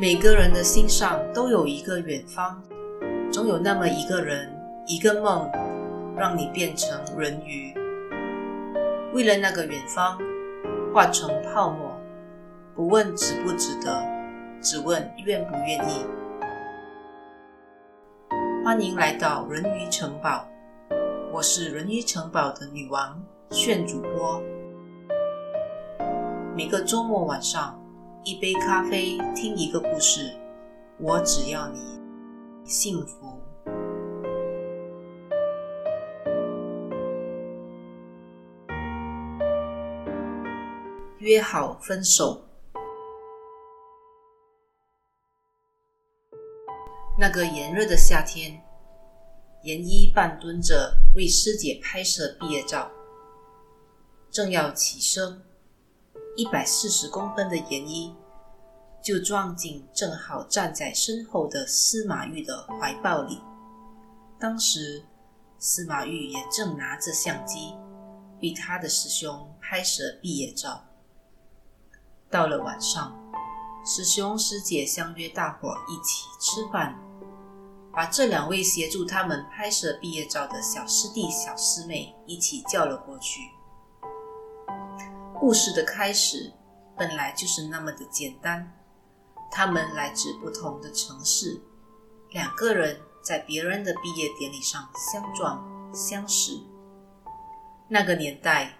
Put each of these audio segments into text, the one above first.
每個人的心上都有一個遠方，總有那麼一個人、一個夢，讓你變成人魚。為了那個遠方，化成泡沫，不問值不值得，只問願不願意。歡迎來到人魚城堡，我是人魚城堡的女王，炫主播。每個週末晚上，一杯咖啡，聽一個故事。我只要你幸福。約好分手。那個炎熱的夏天，研一半蹲着為師姐拍攝畢業照，正要起身，一百四十公分的研一，就撞進正好站在身後的司馬玉的懷抱裡。當時司馬玉也正拿着相機，與他的師兄拍攝畢業照。到了晚上，師兄師姐相約大夥一起吃飯，把這兩位協助他們拍攝畢業照的小師弟、小師妹一起叫了過去。故事的開始本來就是那麼的簡單。他們來自不同的城市，兩個人在別人的畢業典禮上相撞相識。那個年代，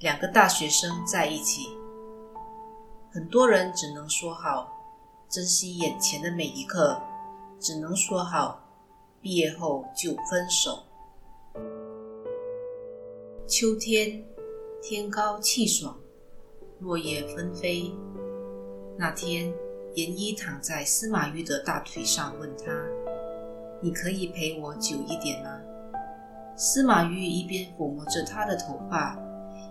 兩個大學生在一起，很多人只能說好，珍惜眼前的每一刻，只能說好，畢業後就分手。秋天，天高氣爽，落葉紛飛，那天，嚴一躺在司馬懿的大腿上，問他：“你可以陪我久一點嗎？”司馬懿一邊撫摸着他的頭髮，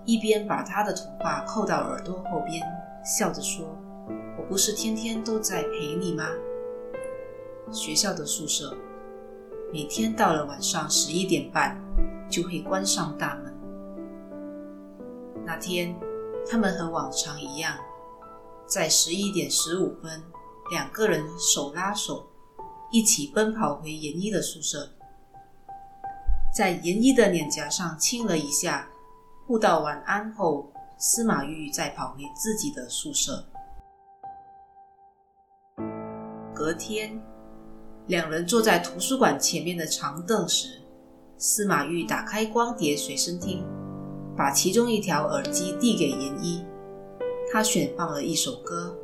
一邊把他的頭髮扣到耳朵後邊，笑着說：“我不是天天都在陪你嗎？”學校的宿舍每天到了晚上十一點半就會關上大門。那天，他們和往常一樣。在十一點十五分，兩個人手拉手，一起奔跑回嚴一的宿舍，在嚴一的臉頰上親了一下，互道晚安後，司馬玉再跑回自己的宿舍。隔天，兩人坐在圖書館前面的長凳時，司馬玉打開光碟隨身聽，把其中一條耳機遞給嚴一。他選放了一首歌，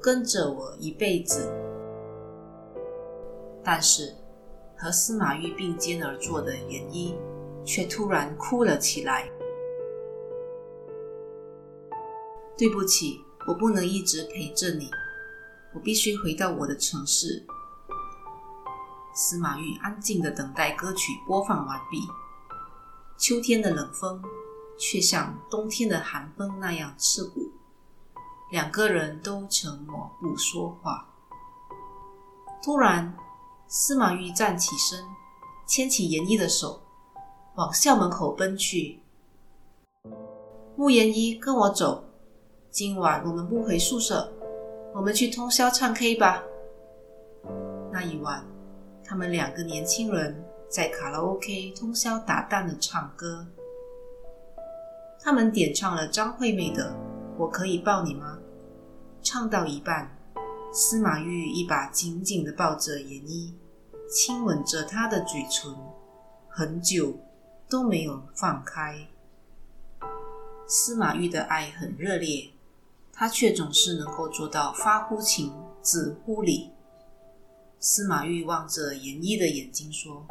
跟着我一輩子。但是，和司馬玉並肩而坐的顏伊卻突然哭了起來。對不起，我不能一直陪着你，我必須回到我的城市。司馬玉安靜地等待歌曲播放完畢，秋天的冷風卻像冬天的寒風那樣刺骨。兩個人都沉默不說話。突然，司馬懿站起身，牽起嚴一的手，往校門口奔去。穆言一，跟我走，今晚我們不回宿舍，我們去通宵唱 K 吧。那一晚，他們兩個年輕人在卡拉 OK 通宵達旦的唱歌。他們點唱了張惠妹的《我可以抱你嗎》。唱到一半，司馬玉一把緊緊的抱着嚴一，親吻着他的嘴唇，很久都沒有放開。司馬玉的愛很熱烈，他卻總是能夠做到發乎情，止乎禮。司馬玉望着嚴一的眼睛說：“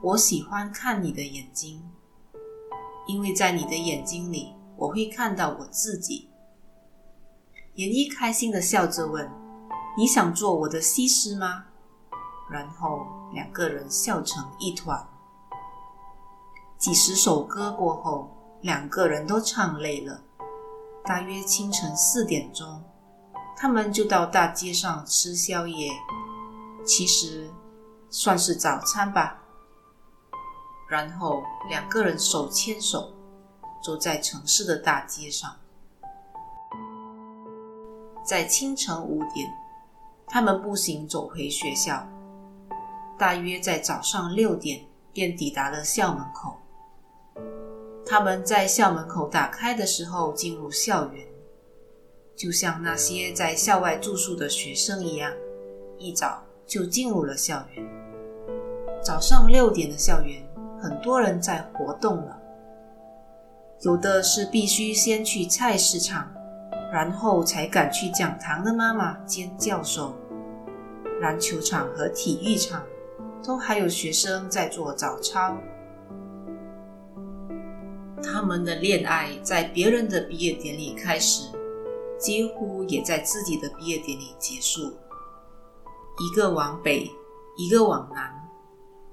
我喜歡看你的眼睛，因為在你的眼睛裡，我會看到我自己。”嚴一開心的笑着問：“你想做我的西施嗎？”然後兩個人笑成一團。幾十首歌過後，兩個人都唱累了。大約清晨四點鐘，他們就到大街上吃宵夜，其實算是早餐吧。然後兩個人手牽手，走在城市的大街上。在清晨五點，他們步行走回學校，大約在早上六點便抵達了校門口。他們在校門口打開的時候進入校園，就像那些在校外住宿的學生一樣，一早就進入了校園。早上六點的校園，很多人在活動了，有的是必須先去菜市場。然後才敢去講堂的媽媽兼教授，籃球場和體育場都還有學生在做早操。他們的戀愛在別人的畢業典禮開始，幾乎也在自己的畢業典禮結束。一個往北，一個往南，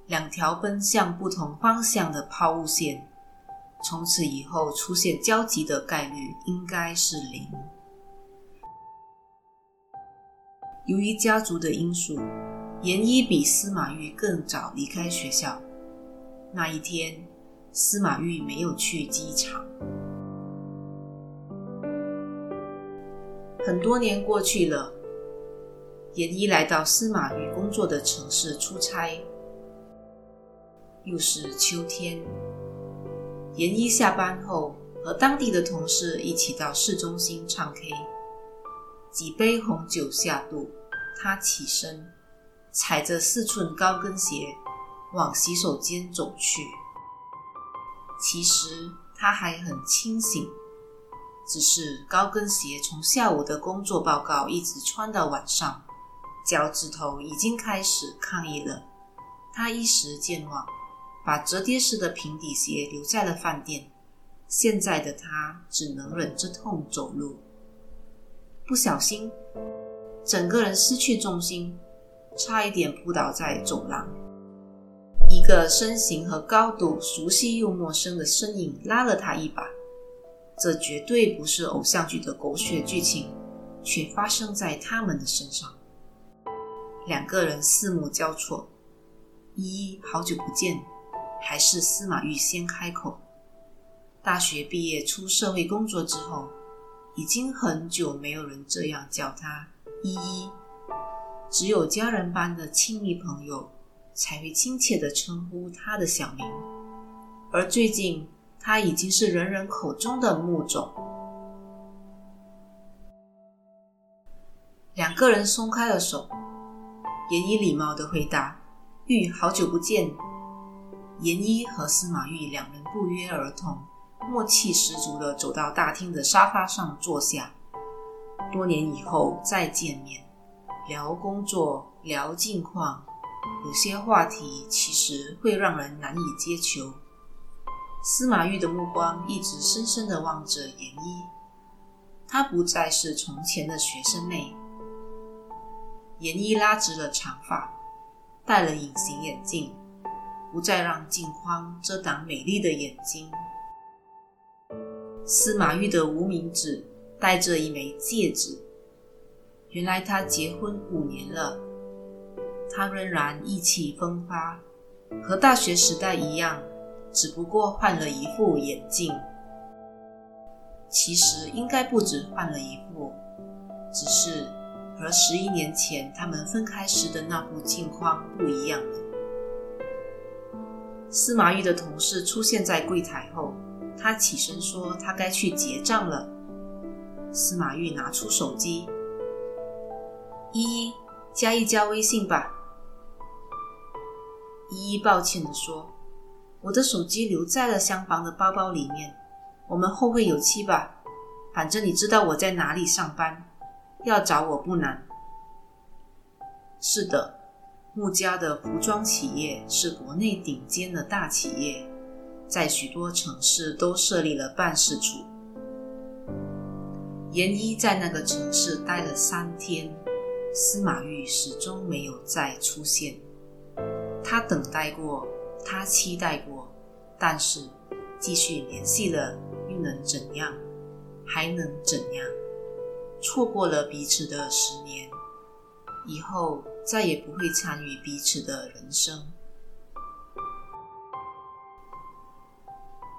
兩條奔向不同方向的拋物線。從此以後，出現交集的概率應該是零。由於家族的因素，嚴一比司馬玉更早離開學校。那一天，司馬玉沒有去機場。很多年過去了，嚴一來到司馬玉工作的城市出差。又是秋天。嚴一下班後，和當地的同事一起到市中心唱 K。幾杯紅酒下肚，他起身，踩着四寸高跟鞋往洗手間走去。其實他還很清醒，只是高跟鞋從下午的工作報告，一直穿到晚上，腳趾頭已經開始抗議了。他一時健忘。把折疊式的平底鞋留在了飯店。現在的他只能忍着痛走路。不小心，整個人失去重心，差一點撲倒在走廊。一個身形和高度熟悉又陌生的身影拉了他一把。這絕對不是偶像劇的狗血劇情，卻發生在他們的身上。兩個人四目交錯，依依，好久不見。還是司馬玉先開口。大學畢業出社會工作之後，已經很久沒有人這樣叫他依依，只有家人般的親密朋友才會親切的稱呼他的小名。而最近，他已經是人人口中的穆總。兩個人鬆開了手，嚴依禮貌的回答：“玉，好久不見。”閆一和司馬懿兩人不約而同，默契十足地走到大廳的沙發上坐下。多年以後再見面，聊工作，聊近況，有些話題其實會讓人難以接球。司馬懿的目光一直深深地望着閆一，她不再是從前的學生妹。閆一拉直了長髮，戴了隱形眼鏡。不再讓鏡框遮擋美麗的眼睛。司馬懿的無名指戴着一枚戒指，原來他結婚五年了，他仍然意氣風發，和大學時代一樣，只不過換了一副眼鏡。其實應該不止換了一副，只是和十一年前他們分開時的那副鏡框不一樣。司馬玉的同事出現在櫃檯後，他起身說：“他該去結賬了。”司馬玉拿出手機：“依依，加一加微信吧。”依依抱歉地說：“我的手機留在了廂房的包包裡面，我們後會有期吧。反正你知道我在哪裡上班，要找我不難。”是的。穆家的服裝企業是國內頂尖的大企業，在許多城市都設立了辦事處。嚴一在那個城市待了三天，司馬玉始終沒有再出現。他等待過，他期待過，但是繼續聯繫了又能怎樣？還能怎樣？錯過了彼此的十年以後。再也不會參與彼此的人生。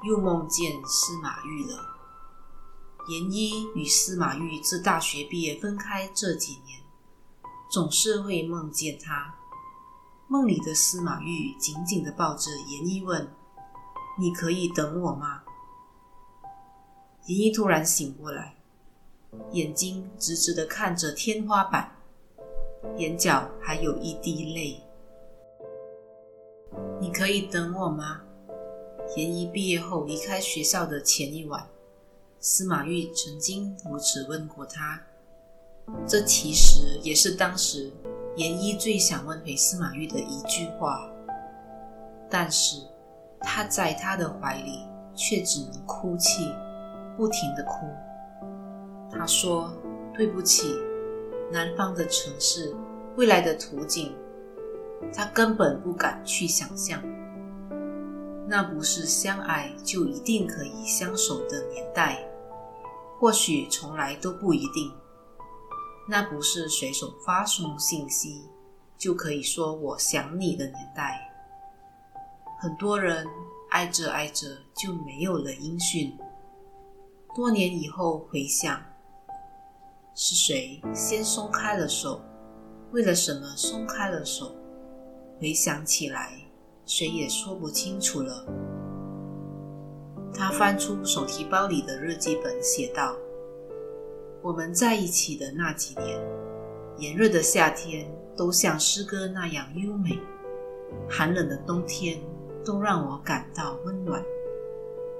又夢見司馬玉了。嚴一與司馬玉自大學畢業分開這幾年，總是會夢見他。夢裡的司馬玉緊緊地抱着嚴一，問：“你可以等我嗎？”嚴一突然醒過來，眼睛直直地看着天花板。眼角還有一滴淚，你可以等我嗎？嚴一畢業後離開學校的前一晚，司馬玉曾經如此問過他。這其實也是當時嚴一最想問回司馬玉的一句話，但是他在他的懷裡卻只能哭泣，不停的哭。他說：“對不起。”南方的城市，未來的圖景，他根本不敢去想象。那不是相愛就一定可以相守的年代，或許從來都不一定。那不是隨手發送信息就可以說我想你的年代。很多人愛着愛着就沒有了音訊，多年以後回想。是誰先鬆開了手？為了什麼鬆開了手？回想起來，誰也說不清楚了。他翻出手提包裡的日記本，寫道：“我們在一起的那幾年，炎熱的夏天都像詩歌那樣優美，寒冷的冬天都讓我感到溫暖。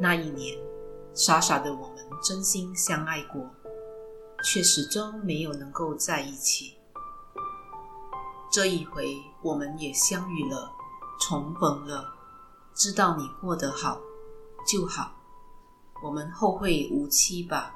那一年，傻傻的我們真心相愛過。”卻始終沒有能夠在一起。這一回，我們也相遇了，重逢了，知道你過得好，就好。我們後會無期吧。